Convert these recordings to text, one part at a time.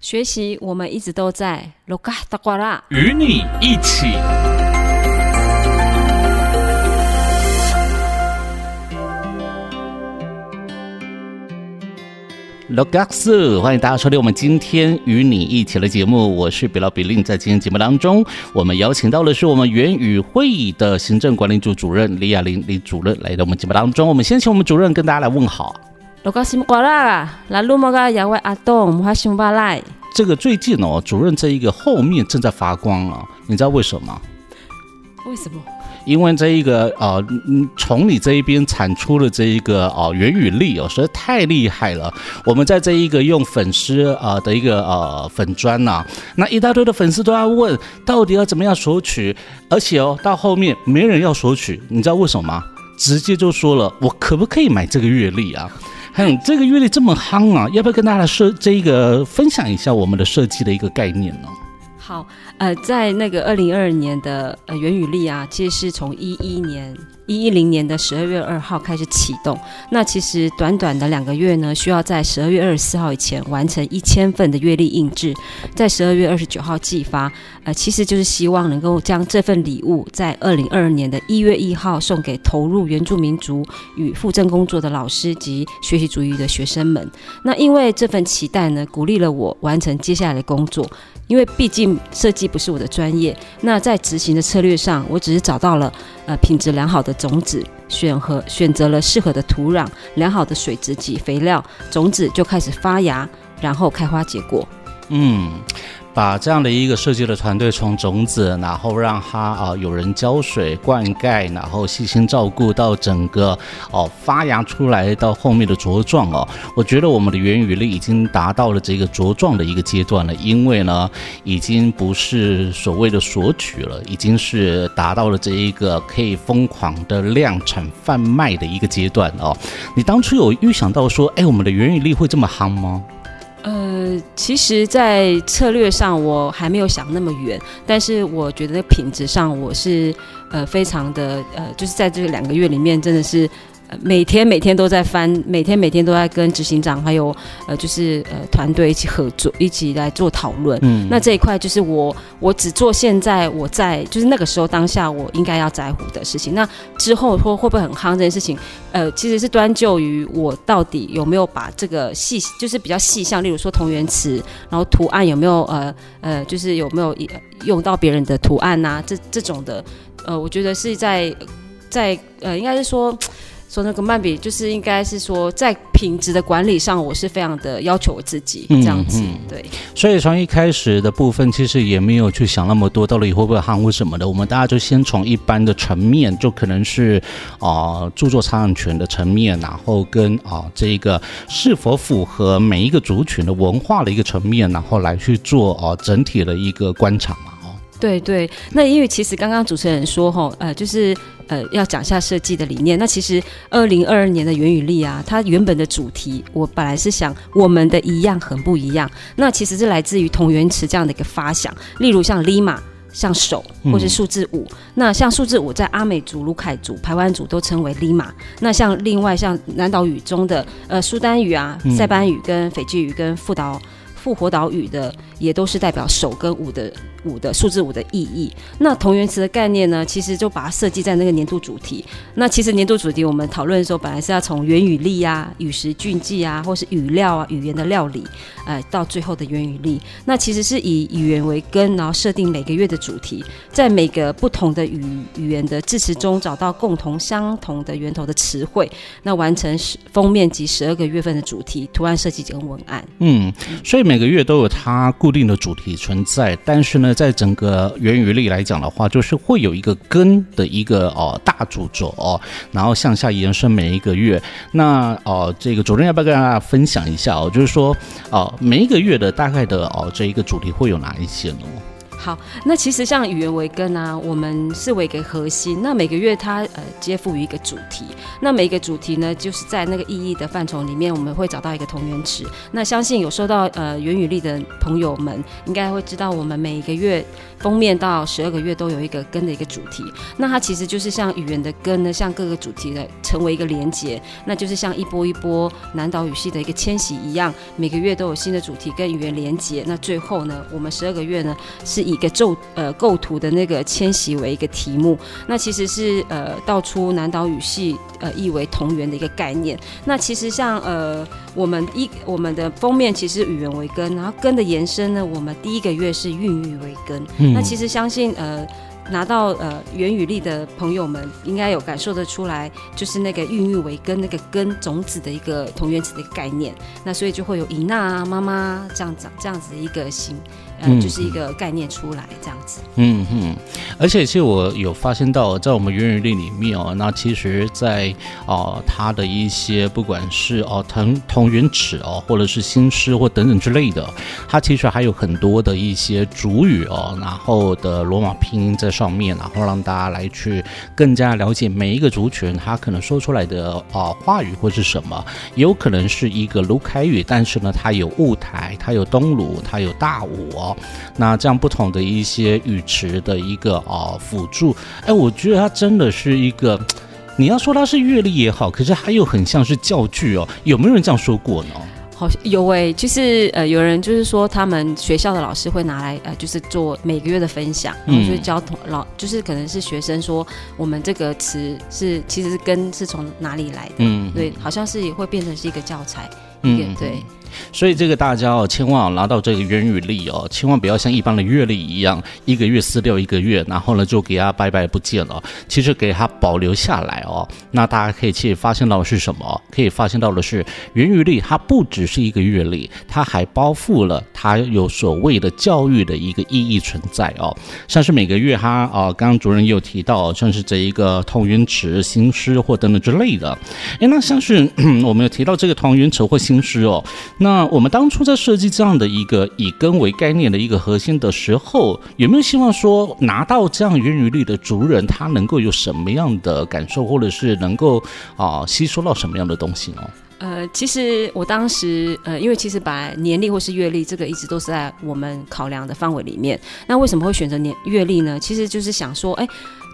學習，我們一直都在。盧卡達瓜拉，與你一起。盧卡斯，歡迎大家收聽我們今天與你一起的節目。我是比拉比林，在今天節目當中，我們邀請到的是我們原語會的行政管理組主任李雅玲李主任來到我們節目當中。我們先請我們主任跟大家來問好。這個最近哦，主任這一個後面正在發光啊！你知道為什麼？為什麼？因為這一個呃，從你這一邊產出的這一個哦，原語、呃、曆哦，實在太厲害了。我們在這一個用粉絲啊、呃、的一個呃粉專吶、啊，那一大堆的粉絲都要問到底要怎麼樣索取，而且哦，到後面沒人要索取，你知道為什麼嗎？直接就說了，我可不可以買這個月曆啊？還有對這個月曆這麼夯啊，要不要跟大家說這一個分享一下我們的設計的一個概念呢？好，呃，在那個二零二二年的呃原語曆啊，其實是從一一年。一一零年的十二月二號開始啟動，那其實短短的兩個月呢，需要在十二月二十四號以前完成一千份的月曆印制，在十二月二十九號寄發，呃，其實就是希望能夠將這份禮物在二零二二年的一月一號送給投入原住民族語復振工作的老師及學習族語的學生們。那因為這份期待呢，鼓勵了我完成接下來的工作，因為畢竟設計不是我的專業，那在執行的策略上，我只是找到了。呃，品質良好的種子，選和選擇了適合的土壤，良好的水質及肥料，種子就開始發芽，然後開花結果。嗯。把這樣的一個設計的團隊從種子，然後讓他啊、呃、有人澆水灌溉，然後細心照顧到整個哦、呃、發芽出來，到後面的茁壯哦，我覺得我們的原語曆已經達到了這個茁壯的一個階段了，因為呢已經不是所謂的索取了，已經是達到了這一個可以瘋狂的量產販賣的一個階段了哦。你當初有預想到說，哎，我們的原語曆會這麼夯嗎？呃，其實，在策略上我還沒有想那麼遠，但是我覺得品質上我是呃非常的呃，就是在這兩個月裡面，真的是。每天每天都在翻，每天每天都在跟執行長還有呃，就是呃團隊一起合作，一起來做討論。嗯，嗯，那這一塊就是我我只做現在我在就是那個時候當下我應該要在乎的事情。那之後說會不會很夯這件事情，呃，其實是端究於我到底有沒有把這個細就是比較細項例如說同源詞，然後圖案有沒有呃呃，就是有沒有用到別人的圖案啊？這這種的，呃，我覺得是在在呃，應該是說。說那個曼比就是應該是說，在品質的管理上，我是非常的要求我自己這樣子，嗯，嗯、對。所以從一開始的部分，其實也沒有去想那麼多，到底會不會漢服什麼的。我們大家就先從一般的層面，就可能是啊、呃、著作財產權的層面，然後跟啊、呃、這個是否符合每一個族群的文化的一個層面，然後來去做啊、呃、整體的一個觀察嘛，哦。對對，那因為其實剛剛主持人說哈，呃，就是。呃，要講一下設計的理念。那其實二零二二年的原語曆啊，它原本的主題，我本來是想我們的一樣很不一樣。那其實是來自於同源詞這樣的一個發想。例如像 lima，像手或是數字五。嗯、那像數字五在阿美族、魯凱族、排灣族都稱為 lima。那像另外像南島語中的呃蘇丹語啊、嗯、塞班語跟斐濟語跟富島。復活島嶼的也都是代表手跟五的五的數字五的意義。那同源詞的概念呢，其實就把它設計在那個年度主題。那其實年度主題我們討論的時候，本來是要從原語曆啊、與時俱進啊，或是語料啊、語言的料理，哎、呃，到最後的原語曆。那其實是以語言為根，然後設定每個月的主題，在每個不同的語語言的字詞中找到共同相同的源頭的詞彙，那完成十封面及十二個月份的主題圖案設計跟文案。嗯，所以每。每個月都有它固定的主題存在，但是呢，在整個原語曆來講的話，就是會有一個根的一個哦大主軸、哦，然後向下延伸每一個月。那哦，這個主任要不要跟大家分享一下哦？就是說哦，每一個月的大概的哦這一個主題會有哪一些呢？好，那其實像語言為根啊，我們視為一個核心。那每個月它呃，皆賦予一個主題。那每一個主題呢，就是在那個意義的範疇裡面，我們會找到一個同源詞。那相信有收到呃原語曆的朋友們，應該會知道我們每一個月封面到十二個月都有一個根的一個主題。那它其實就是像語言的根呢，像各個主題的成為一個連結，那就是像一波一波南島語系的一個遷徙一樣，每個月都有新的主題跟語言連結。那最後呢，我們十二個月呢是。以一個構、呃、構圖的那個遷徙為一個題目，那其實是呃道出南島語系呃意為同源的一個概念。那其實像呃我們一我們的封面其實語言為根，然後根的延伸呢，我們第一個月是孕育為根。嗯、那其實相信呃拿到呃原語曆的朋友們應該有感受得出來，就是那個孕育為根那個根種子的一個同源詞的一個概念。那所以就會有伊娜、啊、媽媽這樣,這樣子這樣子的一個心。嗯、呃，就是一個概念出來、嗯、哼這樣子。嗯嗯，而且其實我有發現到，在我們原語曆裡面哦，那其實在，在、呃、哦它的一些不管是哦同同源詞哦，或者是新詩或等等之類的，它其實還有很多的一些族語哦，然後的羅馬拼音在上面，然後讓大家來去更加了解每一個族群他可能說出來的啊話語或是什麼，有可能是一個魯凱語，但是呢，它有霧台，它有東魯，它有大武、哦。好，那這樣不同的一些語詞的一個啊、哦、輔助，哎、欸，我覺得它真的是一個，你要說它是月曆也好，可是還又很像是教具哦。有沒有人這樣說過呢？好有哎、欸，就是呃，有人就是說他們學校的老師會拿來呃，就是做每個月的分享，然後就是教同、嗯、老，就是可能是學生說我們這個詞是其實是跟是從哪裡來的，嗯哼，對，好像是也會變成是一個教材。嗯哼，一個，對。所以這個大家哦，千萬拿到這個原語曆哦，千萬不要像一般的月曆一樣，一個月撕掉一個月，然後呢就給他拜拜不見了。其實給他保留下來哦，那大家可以去發現到的是什麼？可以發現到的是原語曆它不只是一個月曆，它還包覆了它有所謂的教育的一個意義存在哦。像是每個月哈啊，呃，剛剛主任有提到像是這一個同云池、新詩或等等之類的。誒，那像是我們有提到這個同云池或新詩哦。那我們當初在設計這樣的一個以根為概念的一個核心的時候，有沒有希望說拿到這樣原語曆的族人，他能夠有什麼樣的感受，或者是能夠啊吸收到什麼樣的東西呢？呃，其實我當時呃，因為其實把年曆或是月曆這個一直都是在我們考量的範圍裡面。那為什麼會選擇年月曆呢？其實就是想說，哎。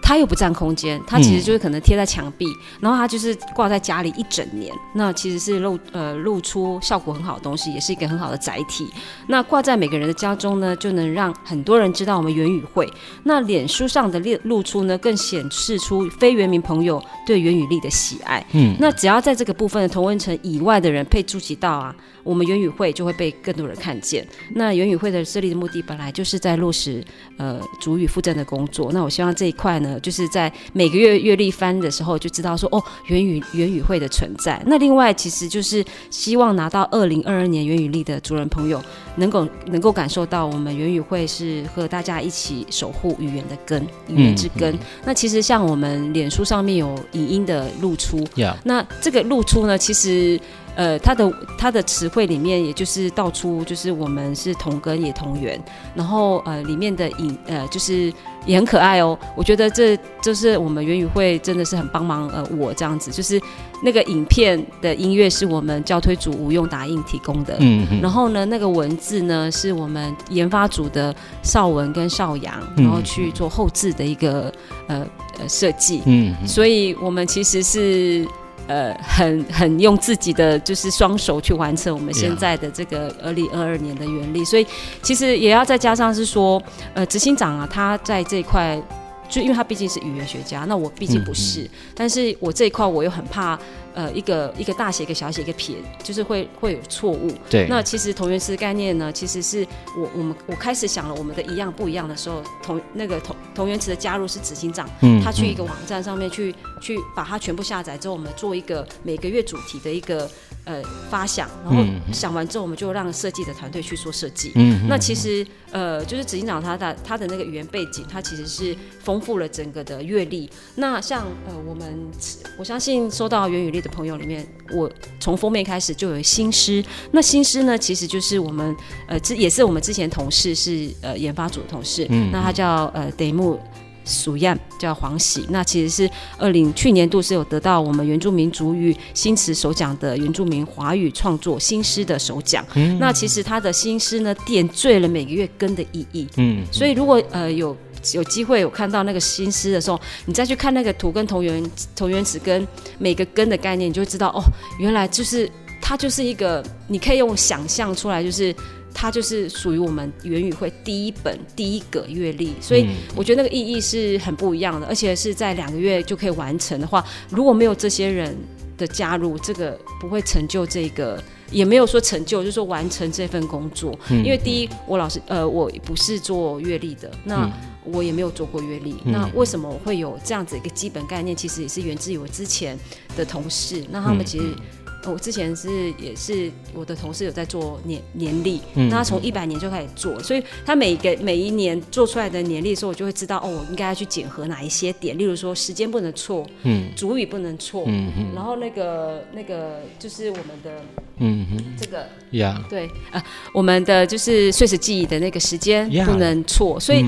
它又不佔空間，它其實就是可能貼在牆壁，嗯、然後它就是掛在家裡一整年。那其實是露呃露出效果很好的東西，也是一個很好的載體。那掛在每個人的家中呢，就能讓很多人知道我們原語會。那臉書上的列露出呢，更顯示出非原民朋友對原語曆的喜愛。嗯，那只要在這個部分的同溫層以外的人配觸及到啊，我們原語會就會被更多人看見。那原語會的設立的目的本來就是在落實呃族語復振的工作。那我希望這一塊呢。就是在每個月月曆翻的時候，就知道說哦，原語原語會的存在。那另外，其實就是希望拿到二零二二年原語曆的族人朋友能夠能夠感受到，我們原語會是和大家一起守護語言的根，語言之根。嗯嗯、那其實像我們臉書上面有影音的露出，嗯、那這個露出呢，其實。呃，他的他的詞彙裡面，也就是道出，就是我們是同根也同源。然後呃裡面的影呃，就是也很可愛哦。我覺得這就是我們原語會真的是很幫忙呃我這樣子，就是那個影片，的音樂是我們教推組吳用打印提供的，嗯嗯哼，然後呢那個文字呢是我們研發組的邵文跟邵陽，然後去做後製的一個呃呃設計，嗯哼，所以我們其實是。呃，很很用自己的就是雙手去完成我們現在的這個二零二二年的原語曆。Yeah. 所以其實也要再加上是說，呃，執行長啊，他在這一塊，就因為他畢竟是語言學家，那我畢竟不是，嗯嗯，但是我這一塊我又很怕。呃，一個一個大寫，一個小寫，一個撇，就是會會有錯誤。對。那其實同源詞的概念呢，其實是我我們我開始想了我們的一樣不一樣的時候，同那個同同源詞的加入是執行長，嗯,嗯，他去一個網站上面去去把它全部下載之後，我們做一個每個月主題的一個呃發想，然後想完之後，我們就讓設計的團隊去做設計。嗯,嗯,嗯那其實呃，就是執行長他的他的那個語言背景，他其實是豐富了整個的閱歷。那像呃，我們我相信收到原語曆。的朋友裡面，我從封面開始就有新詩。那新詩呢，其實就是我們呃，之也是我們之前同事是呃研發組的同事。嗯。那他叫呃、嗯、Demu Suyan 叫黃喜。那其實是二零去年度是有得到我們原住民族語新詩首獎的原住民華語創作新詩的首獎。嗯。那其實他的新詩呢，點綴了每個月根的意義。嗯。嗯所以如果呃有。有機會有看到那個新詩的時候，你再去看那個圖跟同源同源詞跟每個根的概念，你就會知道哦，原來就是它就是一個，你可以用想象出來，就是它就是屬於我們原語會第一本第一個月曆，所以我覺得那個意義是很不一樣的。而且是在兩個月就可以完成的話，如果沒有這些人的加入，這個不會成就這個，也沒有說成就，就是說完成這份工作。嗯、因為第一，我老師呃，我不是做月曆的，那。嗯我也沒有做過月曆，嗯、那為什麼我會有這樣子一個基本概念？其實也是源自於我之前的同事，那他們其實、嗯嗯哦、我之前是也是我的同事有在做年年曆，嗯、那他從一百年就開始做，嗯、所以他每個每一年做出來的年曆的時候，我就會知道哦，我應該要去檢核哪一些點，例如說時間不能錯，嗯、主語不能錯，嗯嗯、然後那個那個就是我們的。嗯哼，這個呀，Yeah. 對啊，我們的就是歲時祭儀的那個時間 Yeah. 不能錯，所以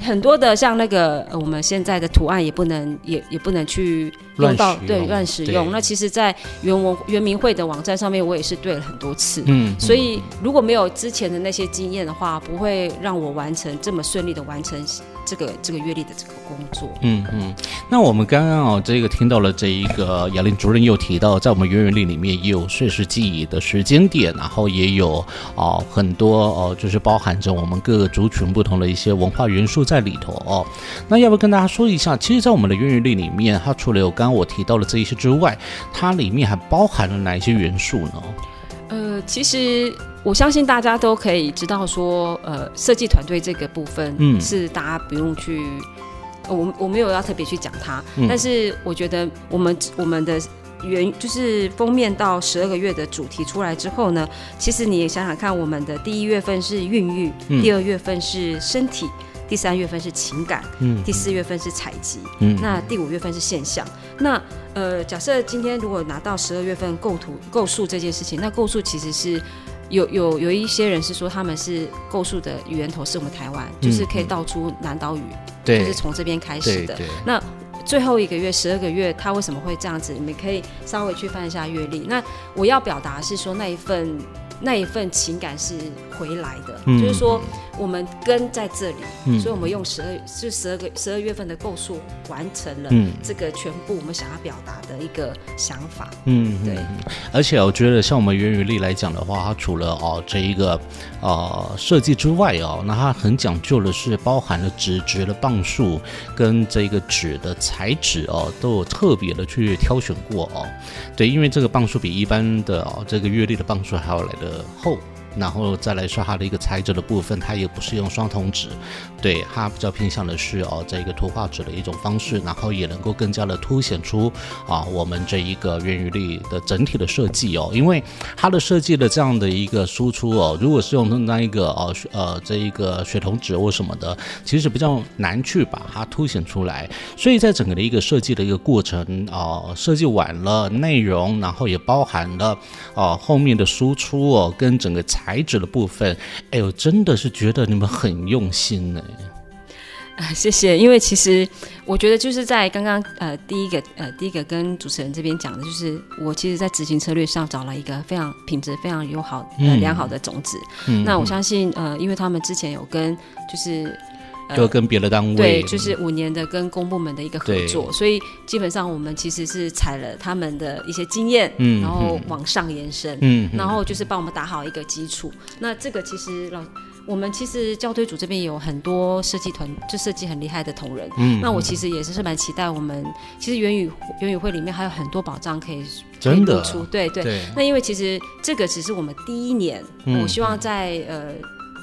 很多的像那個、呃、我們現在的圖案也不能也也不能去用到，對亂使用。使用對那其實，在原文原民會的網站上面，我也是對了很多次，嗯哼，所以如果沒有之前的那些經驗的話，不會讓我完成這麼順利的完成。這個這個閱歷的這個工作，嗯嗯，那我們剛剛哦，這個聽到了這一個雅玲主任又提到，在我們原語曆裡面，也有歲時記憶的時間點，然後也有啊、哦、很多哦，就是包含着我們各個族群不同的一些文化元素在裡頭。哦、那要不要跟大家說一下，其實，在我們的原語曆裡面，它除了有剛剛我提到的這一些之外，它裡面還包含了哪一些元素呢？呃，其實我相信大家都可以知道說，說呃，設計團隊這個部分，嗯，是大家不用去，我我沒有要特別去講它。嗯，但是我覺得我們我們的原就是封面到十二個月的主題出來之後呢，其實你也想想看，我們的第一月份是孕育，第二月份是身體。嗯第三月份是情感，嗯，第四月份是採集，嗯，嗯嗯，那第五月份是現象。那呃，假設今天如果拿到十二月份構圖、構樹這件事情，那構樹其實是有有有一些人是說他們是構樹的源頭，是我們台灣，嗯嗯、就是可以道出南島語，對就是從這邊開始的。那最後一個月，十二個月，他為什麼會這樣子？你們可以稍微去翻一下月曆。那我要表達是說那一份那一份情感是回來的，嗯、就是說。我們根在這裡，嗯、所以我們用十二是十二個十二月份的構數完成了這個全部我們想要表達的一個想法。嗯哼，對。而且我覺得像我們原語曆來講的話，它除了哦這一個呃設計之外哦，那它很講究的是包含了紙紙的磅數跟這個紙的材質哦，都有特別的去挑選過哦。對，因為這個磅數比一般的哦這個月曆的磅數還要來得厚。然後再來說它的一個材質的部分，它也不是用雙銅紙，對，它比較偏向的是哦這一個圖畫紙的一種方式，然後也能夠更加的凸顯出啊我們這一個原語曆的整體的設計哦，因為它的設計的這樣的一個輸出哦，如果是用那一個哦呃這一個雪銅紙或什麼的，其實比較難去把它凸顯出來，所以在整個的一個設計的一個過程哦、呃，設計完了內容，然後也包含了哦、呃、後面的輸出哦跟整個材。孩子的部分，哎呦，真的是覺得你們很用心呢、欸呃。謝謝。因為其實我覺得就是在剛剛呃第一個呃第一個跟主持人這邊講的，就是我其實在執行策略上找了一個非常品質非常友好、嗯、呃良好的種子。嗯、那我相信呃，因為他們之前有跟就是。就跟別的單位對，就是五年的跟公部門的一個合作。對所以基本上我們其實是採了他們的一些經驗，嗯哼，然後往上延伸，嗯哼，然後就是幫我們打好一個基礎。嗯、哼那這個其實老，我們其實教推組這邊有很多設計團，就設計很厲害的同仁，嗯哼，那我其實也是是蠻期待我們其實原語原語會裡面還有很多寶藏可以真的做出，對對、對。對那因為其實這個只是我們第一年，嗯、哼我希望在呃。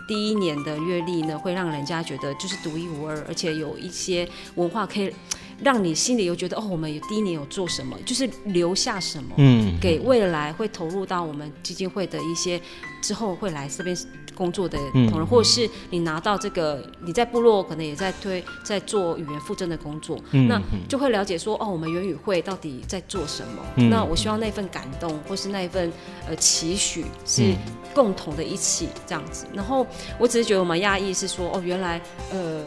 第一年的月曆呢，會讓人家覺得就是獨一無二，而且有一些文化可以。讓你心裡又覺得哦，我們第一年有做什麼，就是留下什麼，嗯，給未來會投入到我們基金會的一些之後會來這邊工作的同仁，嗯、或者是你拿到這個，你在部落可能也在推在做語言復振的工作，嗯、那就會了解說哦，我們原語會到底在做什麼？嗯、那我希望那份感動或是那一份呃期許是共同的一起、嗯、這樣子。然後我只是覺得我們壓抑是說哦，原來呃。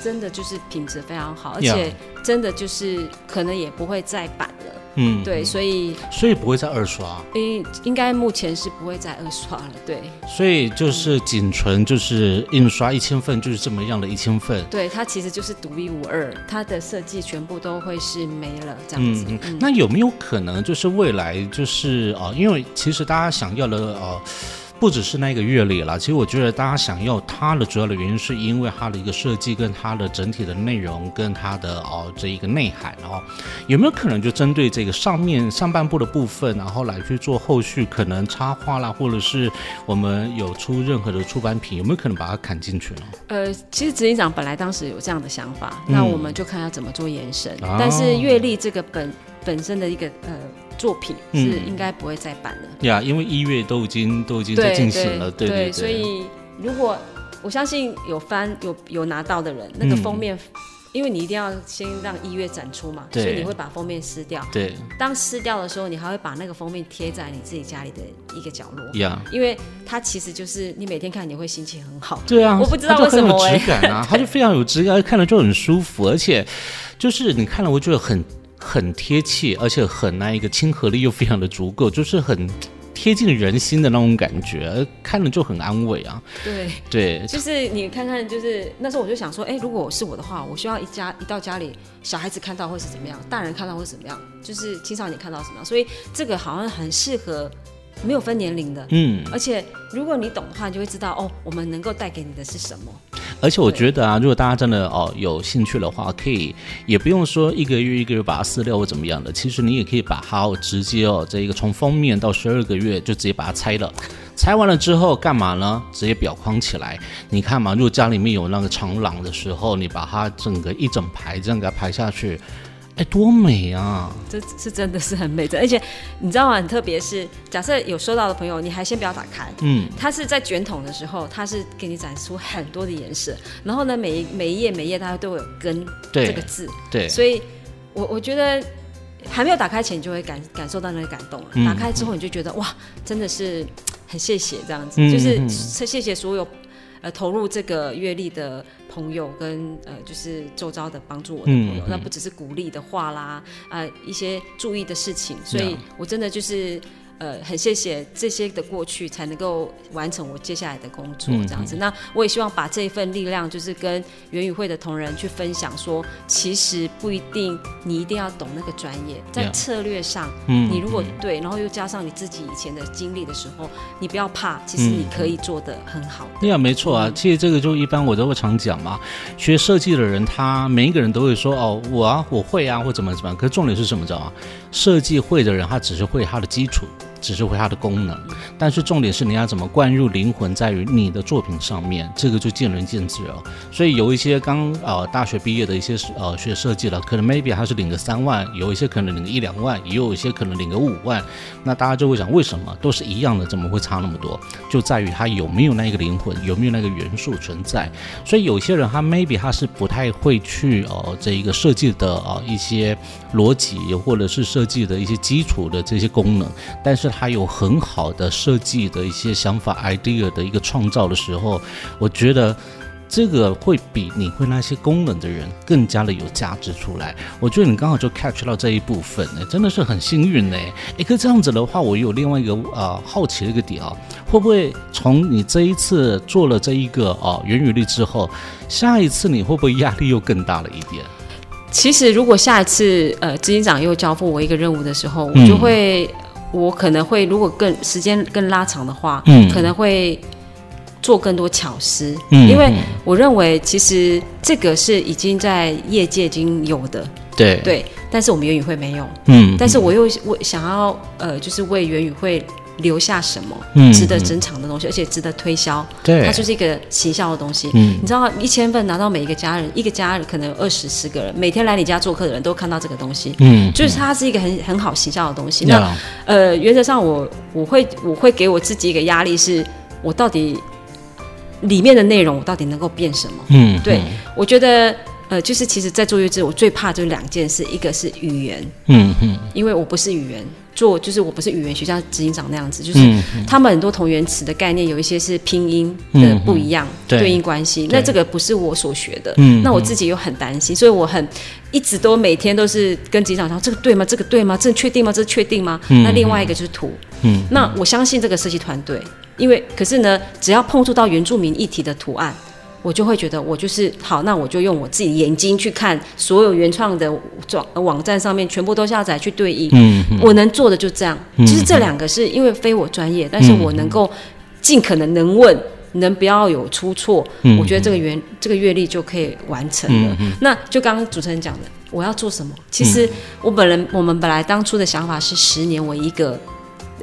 真的就是品質非常好，而且真的就是可能也不會再版了。嗯，Yeah. 對，所以所以不會再二刷，應應該目前是不會再二刷了。對，所以就是僅存就是印刷一千份，就是這麼樣的一千份。對，它其實就是獨一無二，它的設計全部都會是沒了這樣子。嗯嗯，那有沒有可能就是未來就是啊、哦，因為其實大家想要的啊。哦不只是那個月曆啦，其實我覺得大家想要它的主要的原因，是因為它的一個設計跟它的整體的內容跟它的哦這一個內涵哦，有沒有可能就針對這個上面上半部的部分，然後來去做後續可能插畫啦，或者是我們有出任何的出版品，有沒有可能把它砍進去呢？呃，其實執行長本來當時有這樣的想法，嗯、那我們就看要怎麼做延伸，啊、但是月曆這個本本身的一個呃。作品是應該不會再版了、嗯。呀，因為一月都已經都已經在進行了，對，對對對。所以，如果我相信有翻有有拿到的人，嗯、那個封面，因為你一定要先讓一月展出嘛，對所以你會把封面撕掉。對，當撕掉的時候，你還會把那個封面貼在你自己家裡的一個角落。呀，因為它其實就是你每天看，你會心情很好。對啊，我不知道為什麼、欸。他就很有質感啊，它 對就非常有質感，看了就很舒服，而且就是你看了我覺得很。很貼切，而且很那一個親和力又非常的足夠，就是很貼近人心的那種感覺，看了就很安慰啊。對對，對，就是你看看，就是那時候我就想說，哎，如果是我的話，我需要一家一到家裡，小孩子看到會是怎麼樣，大人看到會是怎麼樣，就是青少年看到怎麼樣，所以這個好像很適合沒有分年齡的。嗯，而且如果你懂的話，你就會知道哦，我們能夠帶給你的是什麼。而且我覺得啊，如果大家真的哦有興趣的話，可以也不用說一個月一個月把它撕掉或怎麼樣的，其實你也可以把它、哦、直接哦，這一個從封面到十二個月就直接把它拆了，拆完了之後幹嘛呢？直接裱框起來。你看嘛，如果家裡面有那個長廊的時候，你把它整個一整排這樣給它排下去。哎，多美啊！嗯，這是真的是很美的，而且你知道嗎？很特別是，假設有收到的朋友，你還先不要打開，嗯，它是在卷筒的時候，它是給你展出很多的顏色，然後呢，每一每一頁每一頁它都有根這個字，對，對所以我我覺得還沒有打開前，你就會感感受到那個感動了，打開之後，你就覺得，嗯嗯，哇，真的是很謝謝這樣子，嗯，就是謝謝所有。呃，投入這個月曆的朋友跟呃，就是周遭的幫助我的朋友，嗯嗯、那不只是鼓勵的話啦，啊、呃，一些注意的事情，所以我真的就是。呃，很謝謝這些的過去才能夠完成我接下來的工作，嗯、這樣子。那我也希望把這一份力量，就是跟原語會的同仁去分享說，說其實不一定你一定要懂那個專業，在策略上，嗯、你如果對，嗯、然後又加上你自己以前的經歷的時候，嗯、你不要怕，其實你可以做得很好的。對啊、嗯，嗯、沒錯啊，其實這個就一般我都會常講嘛。學設計的人，他每一個人都會說哦，我啊，我會啊，或怎麼怎麼，可是重點是什麼知道嗎？設計會的人，他只是會他的基礎。只是會它的功能，但是重點是你要怎麼灌入靈魂，在於你的作品上面，這個就見仁見智了。所以有一些剛呃大學畢業的一些呃學設計的，可能 maybe 他是領個三萬，有一些可能領個一兩萬，也有一些可能領個五萬，那大家就會想，為什麼都是一樣的，怎麼會差那麼多？就在於他有沒有那個靈魂，有沒有那個元素存在。所以有些人他 maybe 他是不太會去呃這一個設計的啊、呃、一些邏輯，或者是設計的一些基礎的這些功能，但是。他有很好的設計的一些想法、idea 的一個創造的時候，我覺得這個會比你會那些功能的人更加的有價值出來。我覺得你剛好就 catch 到這一部分，欸，真的是很幸運呢，欸。哎、欸，個這樣子的話，我有另外一個呃好奇一個點啊，會不會從你這一次做了這一個哦，原語曆之後，下一次你會不會壓力又更大了一點？其實，如果下一次呃，執行長又交付我一個任務的時候，嗯、我就會。我可能會，如果更時間更拉長的話，嗯、可能會做更多巧思，嗯、因為我認為其實這個是已經在業界已經有的，對對，但是我們原語會沒有，嗯，但是我又為想要呃，就是為原語會。留下什麼值得珍藏的東西，嗯、哼而且值得推銷。對，它就是一個形象的東西。嗯，你知道一千份拿到每一個家人，一個家人可能有二十四個人，每天來你家做客的人都看到這個東西。嗯哼，就是它是一個很很好形象的東西。嗯、哼那呃，原則上我我會我會給我自己一個壓力是，是我到底裡面的內容我到底能夠變什麼？嗯哼，對，我覺得呃，就是其實，在做月曆，我最怕的就是兩件事，一個是語言，嗯哼因為我不是語言。做就是我不是語言學家，執行長那樣子，就是他們很多同源詞的概念，有一些是拼音的不一樣，對應關係。嗯、那這個不是我所學的，嗯、哼那我自己又很擔心，所以我很一直都每天都是跟執行長說，這個對嗎？這個對嗎？這個確定嗎？這個確定嗎？那另外一個就是圖，嗯、哼那我相信這個設計團隊，因為可是呢，只要碰觸到原住民議題的圖案。我就會覺得我就是好，那我就用我自己眼睛去看所有原創的網網站上面全部都下載去對應，嗯、哼我能做的就這樣。其實、嗯、哼這兩個是因為非我專業，嗯、哼但是我能夠盡可能能問，能不要有出錯，嗯、哼我覺得這個原、嗯、哼這個月曆就可以完成了。嗯、哼那就剛剛主持人講的，我要做什麼？其實我本人我們本來當初的想法是十年為一個。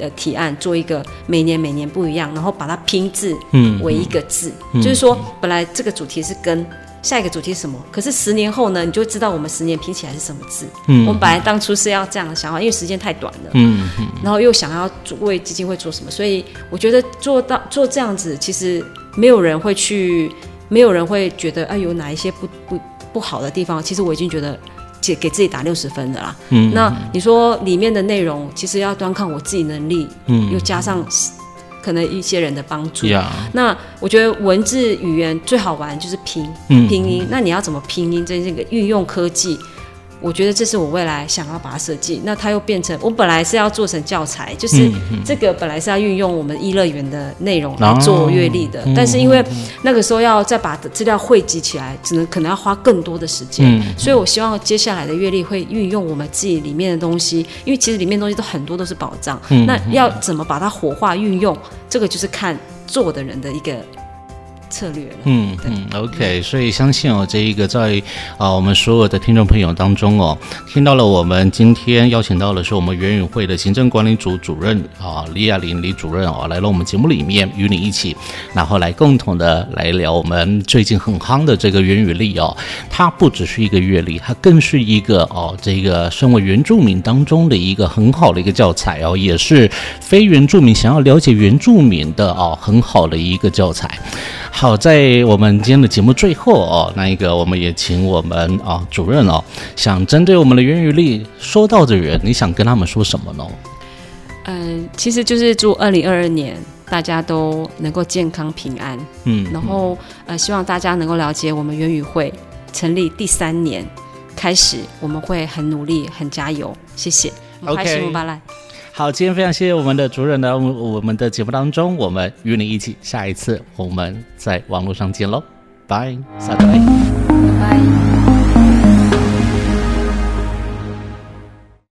的、呃、提案做一個每年每年不一樣，然後把它拼字為一個字，嗯嗯、就是說、嗯嗯、本來這個主題是跟下一個主題是什麼，可是十年後呢，你就知道我們十年拼起來是什麼字？嗯，我們本來當初是要這樣的想法，因為時間太短了。嗯嗯。嗯然後又想要為基金會做什麼，所以我覺得做到做這樣子，其實沒有人會去，沒有人會覺得哎、啊，有哪一些不不不好的地方。其實我已經覺得。給自己打六十分的啦，嗯、那你說裡面的內容，其實要端看我自己能力，嗯，又加上可能一些人的幫助，Yeah. 那我覺得文字語言最好玩就是拼拼音，嗯、那你要怎麼拼音？這這個運用科技。我覺得這是我未來想要把它設計。那它又變成我本來是要做成教材，就是這個本來是要運用我們 E 樂園的內容來做月曆的。但是因為那個時候要再把資料匯集起來，只能可能要花更多的時間。所以，我希望接下來的月曆會運用我們自己裡面的東西，因為其實裡面的東西都很多都是寶藏。那要怎麼把它活化運用，這個就是看做的人的一個策略。嗯，嗯嗯，OK，所以相信哦，這一個在啊、呃、我們所有的聽眾朋友當中哦，聽到了我們今天邀請到的是我們原語會的行政管理組主任啊、呃、李雅玲李主任啊、哦、來了我們節目裡面與你一起，然後來共同的來聊我們最近很夯的這個原語曆哦，它不只是一個月曆，它更是一個哦這個身為原住民當中的一個很好的一個教材哦，也是非原住民想要了解原住民的哦，很好的一個教材。好，在我們今天的節目最後哦，那一個我們也請我們啊主任哦，想針對我們的原語曆說到的人，你想跟他們說什麼呢？嗯、呃，其實就是祝二零二二年大家都能夠健康平安，嗯，然後、嗯、呃，希望大家能夠了解我們原語會成立第三年開始，我們會很努力很加油，謝謝，開心 Okay. 好，今天非常謝謝我們的主任呢。我們的節目當中，我們與你一起，下一次我們在網絡上見嘍，拜，拜拜拜。Bye.